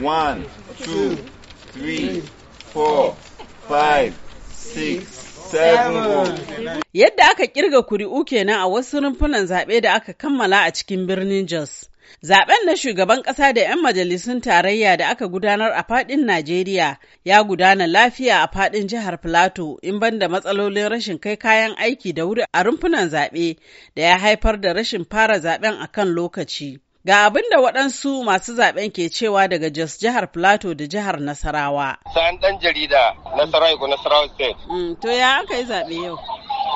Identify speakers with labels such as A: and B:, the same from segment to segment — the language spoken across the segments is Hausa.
A: One, two, three, four, five, six, Yadda aka kirga kuri'u kenan a wasu rumfunan zaɓe da aka kammala a cikin birnin Jos. Zaɓen na shugaban ƙasa da 'yan majalisun tarayya da aka gudanar a faɗin Najeriya ya gudana lafiya a faɗin jihar Filato in banda matsalolin rashin kai kayan aiki da wuri a rumfunan zaɓe da ya haifar da rashin fara zaɓen a kan lokaci. Ga abin da waɗansu masu zaben ke cewa daga Jos jihar Plateau da jihar Nasarawa.
B: Sa'an ɗan jarida Nasarawa ko Nasarawa State.
A: Mm, to ya aka yi zaɓe yau?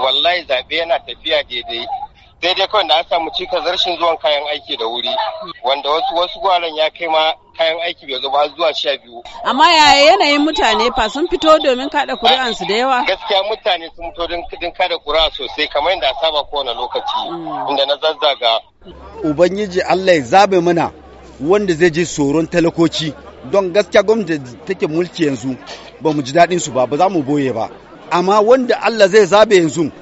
B: Wallahi zaɓe yana tafiya daidai. Daidai kawai da an samu cika zarshin zuwan kayan aiki da wuri. Wanda wasu wasu gwalan ya kai ma kayan aiki bai zuba har zuwa sha biyu.
A: Amma yaya yanayin mutane fa sun fito domin kada kuri'ansu da yawa?
B: Gaskiya mutane sun fito don kada kuri'a sosai kamar yadda a saba kowane lokaci. Mm. Inda na zazzaga
C: Ubangiji Allah ya zabe mana wanda zai je tsoron talakoci don gaskiya gwamnati take mulki yanzu ba mu ji daɗin su ba ba za mu boye ba amma wanda Allah zai zabe yanzu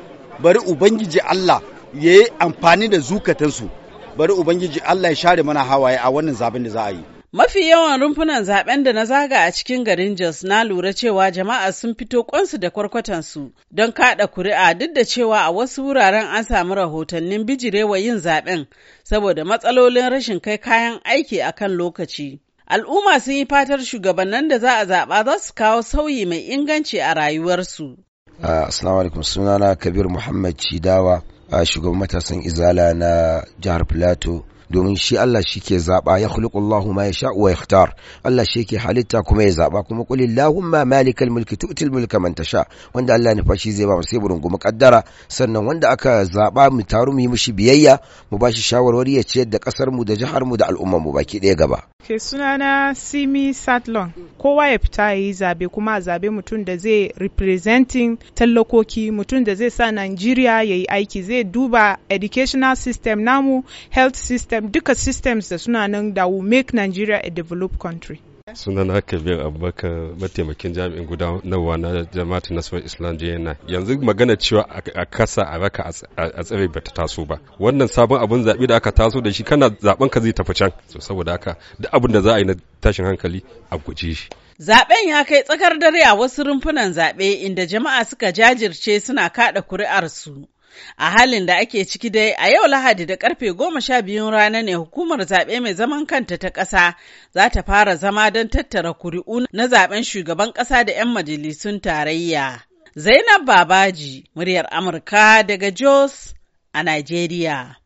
C: bari ubangiji Allah ya yi amfani da zukatansu bari ubangiji Allah ya share mana hawaye a wannan zaben da za a yi
A: Mafi yawan rumfunan zaben da na zaga a cikin garin Jos na lura cewa jama'a sun fito kwansu da kwarkwatansu don kada kuri'a duk da cewa a wasu wuraren an samu rahotannin bijirewa yin zaben saboda matsalolin rashin kai kayan aiki a kan lokaci. Al'umma sun yi fatar shugabannin da za a zaɓa za su kawo sauyi mai inganci a rayuwarsu.
D: Ah, assalamu alaikum sunana Kabir Muhammad Cidawa, ah, shugaban matasan Izala na jihar Plateau. domin shi Allah shi ke zaɓa ya khuluqullahu ma ya wa yakhtar Allah shi ke halitta kuma ya zaɓa kuma qul illahumma malikal mulki tu'til mulka man tasha wanda Allah ne fashi zai ba mu sai burungu muqaddara sannan wanda aka zaɓa mu taru mu yi mishi biyayya mu ba shi shawarwari ya ciyar da kasar mu da jihar mu da al'ummar mu baki ɗaya gaba
A: ke sunana Simi Satlon kowa ya fita ya yi zaɓe kuma a zabe mutum da zai representing tallakoki mutum da zai sa Najeriya yi aiki zai duba educational system namu health system system duka systems da suna nan da will make nigeria a developed country
B: sunana kabir abubakar mataimakin jami'in gudanarwa na jama'atin nasarar islam jna yanzu magana cewa a kasa a raka a tsare ba ta taso ba wannan sabon abun zaɓe da aka taso da shi kana zaben ka zai tafi can so saboda haka duk abin da za a yi na tashin hankali a guje shi
A: Zaben ya kai tsakar dare a wasu rumfunan zaɓe inda jama'a suka jajirce suna kaɗa kuri'arsu. A halin da ake ciki dai a yau Lahadi da karfe goma sha biyun rana ne hukumar zaɓe mai zaman kanta ta ƙasa za ta fara zama don tattara kuri'u na zaɓen shugaban ƙasa da 'yan majalisun tarayya. Zainab Babaji, muryar Amurka daga Jos a Najeriya.